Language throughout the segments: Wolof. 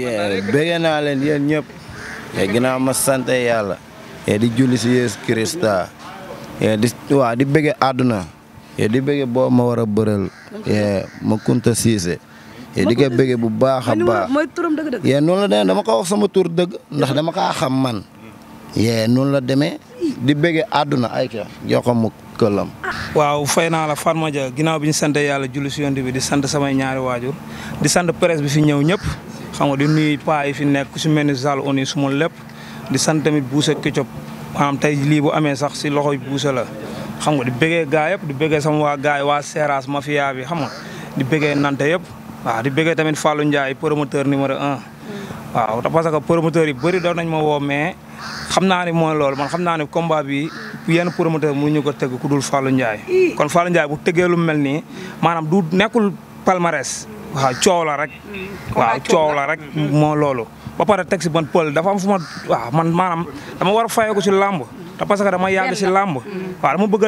yee bëgg naa leen yéen ñëpp te ginnaaw ma sant yàlla te di julli si Yeesu Kirista te di waa di bëgg àdduna te di bëgg boo ma war a bëral ma Kunta Siise te di ko bëgg bu baax a baax yee noonu la demee ko sama tur dëgg ndax dama kaa xam man yee noonu la demee di bëgg àdduna ay ka jox ko mu këllam waaw fay naa la Fatma Dia ginnaaw bi ñu sant yàlla julli si yoon bi di sant sama ñaari waajur di sant presse bi fi ñëw ñëpp xam nga di nuyu paa yi fi nekk su ni Zal Oni su ma lépp di sant tamit Boussa Ketchup maanaam tey lii bu amee sax si loxoy Boussa la. xam nga di bëggee gaa yëpp di bëggee sama waa waa Seras mafia bi xam nga di bëggee nante yëpp waaw di bëggee tamit Fallou Ndiaye promoteur numéro un. waaw parce que promoteur yi bëri doon nañ ma woo mais xam naa ne mooy loolu man xam naa ne combat bi yenn promoteur mënuñu ko tëgg ku dul faalu Ndiaye. kon Fallou Ndiaye bu tëggee lu mel nii maanaam du nekkul palmarès waaw coow la rek. Mm, waaw coow la rek moo loolu. ba pare teg si ban pël dafa am fu ma waaw man maanaam dama war a fayeeku si làmb te parce que dama yàgg si làmb waaw dama bëgg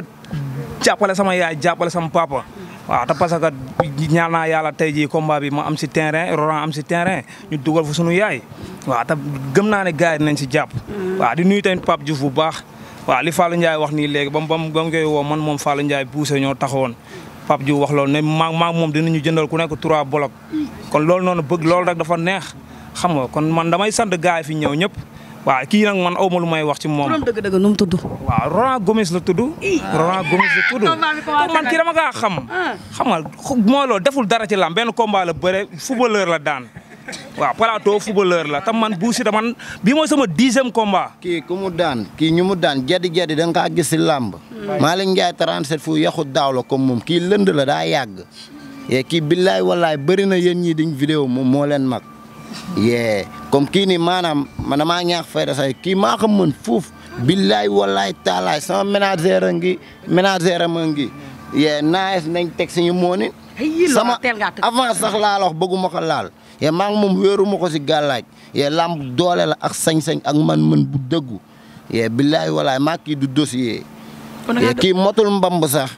a sama yaay jàppale sama papa. waaw ta parce que ñaan naa yàlla tey jii combat bi ma am si terrain Laurent am si terrain ñu dugal fa sunu yaay waaw te gëm naa ne gars yi si jàpp. Mm. waaw di nuyu tamit Pape Diouf bu baax. waaw li Fallou Ndiaye wax nii léegi ba mu ba mu woo man moom Fallou Ndiaye poussé ñoo taxawoon. Pape Diouf wax loolu ne maa maa moom dinañu jëndal ku nekk trois bloc kon loolu noonu bëgg loolu rek dafa neex xam nga kon man damay sant gars fi ñëw ñëpp waa kii nag man aw ma lu may wax ci moom. turam dëgg-dëgg nu mu tudd. waaw Roland Gomes la tudd. Roland Gomes la tudd. man ki dama kaa xam. Ah. xam nga mooy loolu deful dara ci lam benn combat la bëre footballeur la daan. waaw Plateau footballeur la tam man Bou Siteu man bii mooy sama dixième combat. kii ku mu daan kii ñu mu daan jadi jadi da ka kaa gis si làmb. Malick Ndiaye 37 fu yaxu daaw la comme moom kii lënd la daa yàgg. yee kii billaay wallaay bëri na yéen ñii diñ vidéo moom moo leen mag. yee comme kii ni maanaam man damaa ñaax fayda sax kii maa ko mën fuuf. billaay wallaay taalaay sama ménagère a ngi ménagère am a ngi. yee naaj nañ teg si ñu mooni. sama avant sax laa la wax bëgguma ko ye maa moom wéeru ma ko si gàllaaj ye làmb doole la ak sañ-sañ ak man-man bu dëggu ye billaay walaay maa kii du dossier ye kii motul mbamb sax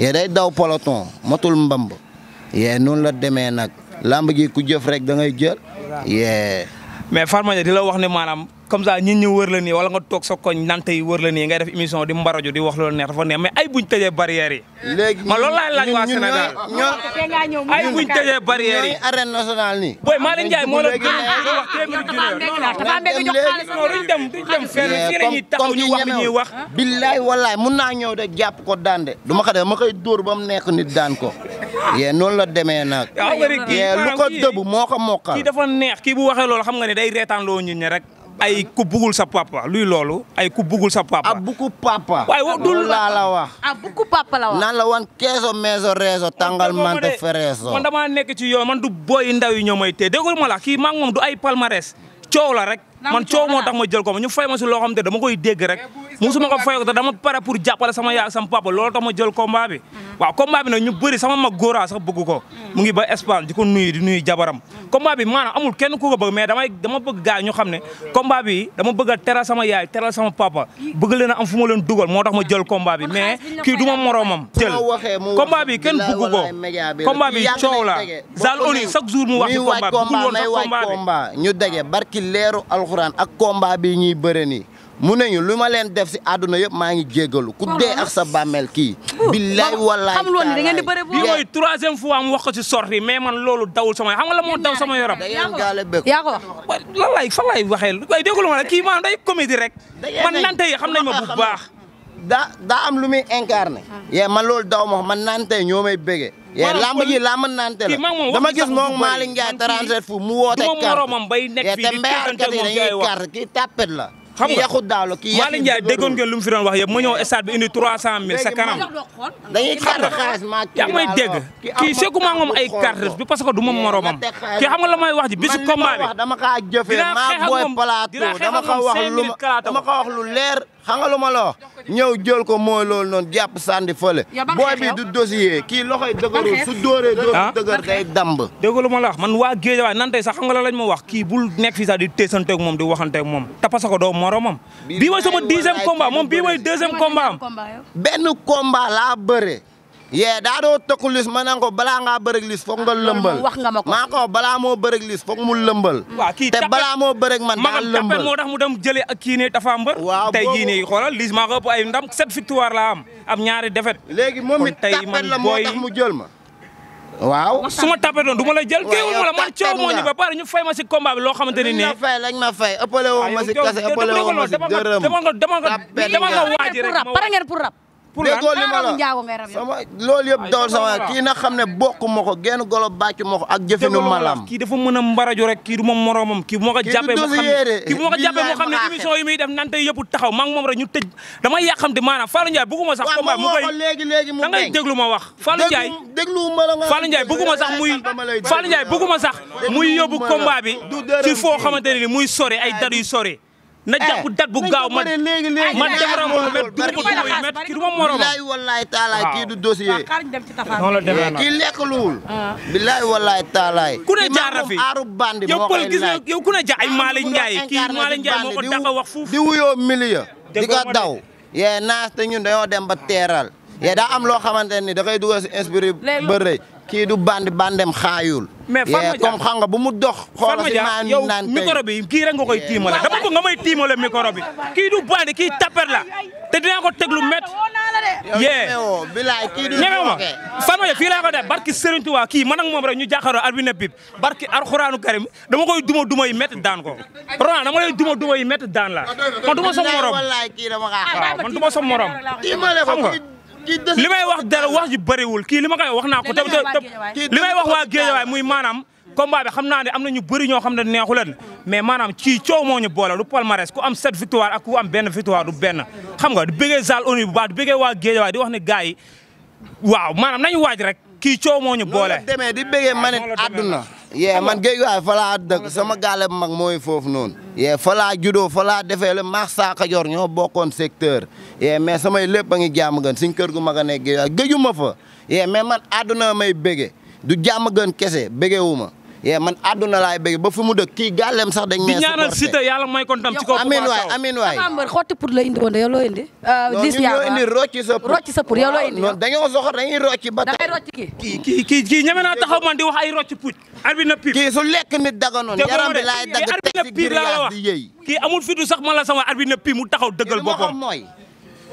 ye day daw peloton motul mbamb ye noonu la demee nag lamb gi ku jëf rek da ngay jël ye mais Farma di wax ne maanaam comme ça ñit ñi wër la nii wala nga toog sa koñ nante yi wër la nii ngay def émission di mbaraju di wax loolu neex dafa neex mais ay buñ tëjee barrières yi ma loolu laay laaj waa Sénégal ay buñ tëjee barrières yi arène nationale nii booy Malick Ndiaye moo la gën a wax téeméeri junni duñ dem duñ dem fenn fii la ñuy taxaw ñu wax li ñuy wax billaay wallaay mun naa ñëw de jàpp ko daan de du ma ko def ma koy dóor ba mu nekk nit daan ko yee noonu la demee nag yee lu ko dëbb moo ko mokkal kii dafa neex kii bu waxee loolu xam nga ne day reetaan loo ñun ñi rek ay ku bugul sa papa luy loolu ay ku bugul sa papa. ab buku papa. waaye dul laa la wax. ab buku papa la wax. naan la wan keeso meeso reeso tàngal mante fereeso. man damaa nekk ci yoon man du booy ndaw yi ñoo may téye déggul ma la kii maa moom du ay palmarees coow la rek. man coow moo tax ma jël ko ma ñu fay ma si loo xam te dama koy dégg rek. musuma ko fayoo te dama pare pour jàppale sama yaay ak sama papa loolu tax ma jël combat bi mm-hmm. waaw combat bi nag ñu bëri sama mag góoraa sax bëgg ko mm-hmm. mu ngi ba Espagne di ko nuyu di nuyu jabaram mm-hmm. combat bi maanaam amul kenn ku ko bëgg mais damay dama bëgg gars ñu xam ne combat bi dama bëgg a teral sama yaay teral sama papa bëgg leen a am fu ma leen dugal moo tax ma jël combat bi mais kii du ma moroomam jël combat bi kenn bëgg ko combat bi coow la Zal Oni chaque jour mu wax ci combat bi bëggul woon sax combat bi ñu daje barki leeru alxuraan ak combat bi ñuy bëre nii mu ne ñu lu ma leen def si àdduna yëpp maa ngi jéggalu ku dee ak sa bàmmeel kii. billaay wallaay xamul woon ni da ngeen di bëri bii mooy troisième fois mu wax ko si sorti mais man loolu dawul sama xam nga la moo daw sama yaram. yaa ko wax yaa ko wax. lan laay fan laay waxee waaye déggu ma la kii maanaam day comédie rek. man nante yi xam nañ ma bu baax. daa daa am lu muy incarné. yee man loolu daw ma man nante ñoo may bëggee. yee làmb ji làmb nante la dama gis moom Malick Ndiaye 37 fu mu woote carte. te mbéykat yi dañuy carte kii tapet la xam nga yàqu daalo déggoon ngeen lu mu fi wax yëpp ma ñëw stade bi indi 300000 sa kanam xam nga yaa dégg kii sekkuma moom ay carte bi parce que du ma moromam kii xam nga la may wax ji bisu combat bi dama kaa jëfee maa booy lu leer xam nga lu ma la wax ñëw jël ko moo loolu noonu jàpp sànni fële. boo bi du dossier kii loxoy dëgëru su dóoree dóor ah? dëgër day damb. dégg ma la wax man waa géej waaye nan tey sax xam lañ ma wax kii bul nekk fii sax di teesanteeg moom di waxanteeg moom te parce que doo moromam. bii mooy sama dixième combat moom bii mooy deuxième combat am. benn komba laa bëre. yee daa doo tëkku lis ma ne ko balaa ngaa bërëg lis foog nga ah, lëmbal wax nga ma ko maa ko balaa moo bërëg lis foog mu lëmbal waaw kii te balaa moo bërëg man daa lëmbal moo tax mu dem jëlee ak kii ne dafa mbër waaw tey jii nii xoolal lis maa ko ëpp ay ndam sept victoire la am am ñaari défaite léegi moom it tapet la moo mu jël ma waaw su ma tapetoon du la jël géewul ma la man coow moo ñu ba pare ñu fay ma si combat bi loo xamante ne nii lañ ma fay ah, lañ pour lan daaw njaago ngay rab sama loolu yëpp dawal sama kii nag xam ne bokk ma ko golo bàcc ma ko ak jëfinu malam kii dafa mën a mbarajo rek kii du ma moromam kii bu ma ko jàppee moo xam ne kii bu ma ko jàppee moo xam ne émission yi muy def nante yëpp taxaw maa ngi moom rek ñu tëj damay yàqamte maanaam Fallou Ndiaye bëgguma sax combat mu koy léegi léegi mu da ngay déglu ma wax Fallou Ndiaye déglu ma la nga Fallou Ndiaye bëgguma sax muy Fallou Ndiaye bëgguma sax muy yóbbu combat bi ci foo xamante ne ni muy sore ay dadu sore na eh, jàpp date bu gaaw man man defaral ma ko mais du ma ko met kii du ma moroom. bilaay walaay taalaay ah. kii du dossier. Eh, kii lekkaluwul. Ah. bilaay walaay taalaay. ku ne jaar na fi bandi moo koy gis nga ku ne jaar ay Malick Ndiaye kii Malick Ndiaye moo ko dafa wax fuuf. di wuyoo milieu. di daw. yee naas te ñun dañoo dem ba teeral. yee daa am loo xamante ni da koy dugal si inspiré ba rëy kii du bandi bandem xaayul mais Fatma Dia nga bu mu dox xoolal si naan yow micro bi kii rek nga koy tiimale dama bëgg nga may tiimale micro bi kii du bandi kii tapper la te dinaa ko teg lu métti yee kii du ñeme ma Fatma Dia fii laa ko def barki Serigne Touba kii man ak moom rek ñu jàkkaaroo albine bib barki alxuraanu karim dama koy duma duma yi métti daan ko Ronald dama lay duma duma yi métti daan la ah, ah, man du ma sa morom man li may wax dara wax ji bëriwul kii li ma koy wax naa ko. li may wax waa Géejawaay muy maanaam. combat bi xam naa ne am na ñu bëri ñoo xam ne neexu leen mais maanaam ci coow moo ñu boole du palmarès ku am sept victoire ak ku am benn victoire du benn xam nga du bëggee Zal Oni bu baax du bëggee waa Géejawaay di wax ne gars waaw maanaam nañu waaj rek kii coow moo ñu boole. demee di bëggee ah, man it àdduna yee man géej waay fa laa sama gaale bu mag mooy foofu noonu. yee falaa judoo falaa fa laa defee la maax saaka jor ñoo bokkoon secteur. yee mais samay lépp a ngi jàmm gën suñ kër gu mag a nekk géej waay fa. yee mais man àdduna may bége du jàmm gën kese bégewu ma. yee man àdduna laay bëgg ba fu mu dëkk kii gàllem sax dañ. may supporté di ñaanal Siteu yàlla may ko ndam ci la indi woon de yow loo indi. lis yaa waaw indi rocci sa pour rocci sa pour yow loo dañoo soxor dañuy rocci ba. da kii ñeme naa taxaw man di wax rocci puuj. na pire kii su lekk nit daganoon yaram bi laay dagg teg ci biir yaa di yëy. kii amul fitu sax man la sama arbi na pire mu taxaw dëggal boppam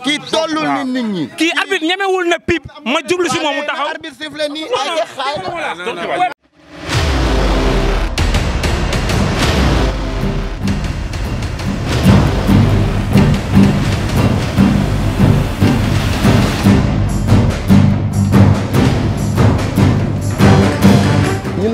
kii tollul ni nit ñi. kii arbitre ñemewul na pip ma jublu si moom m taxaw. arbitre sifflé nii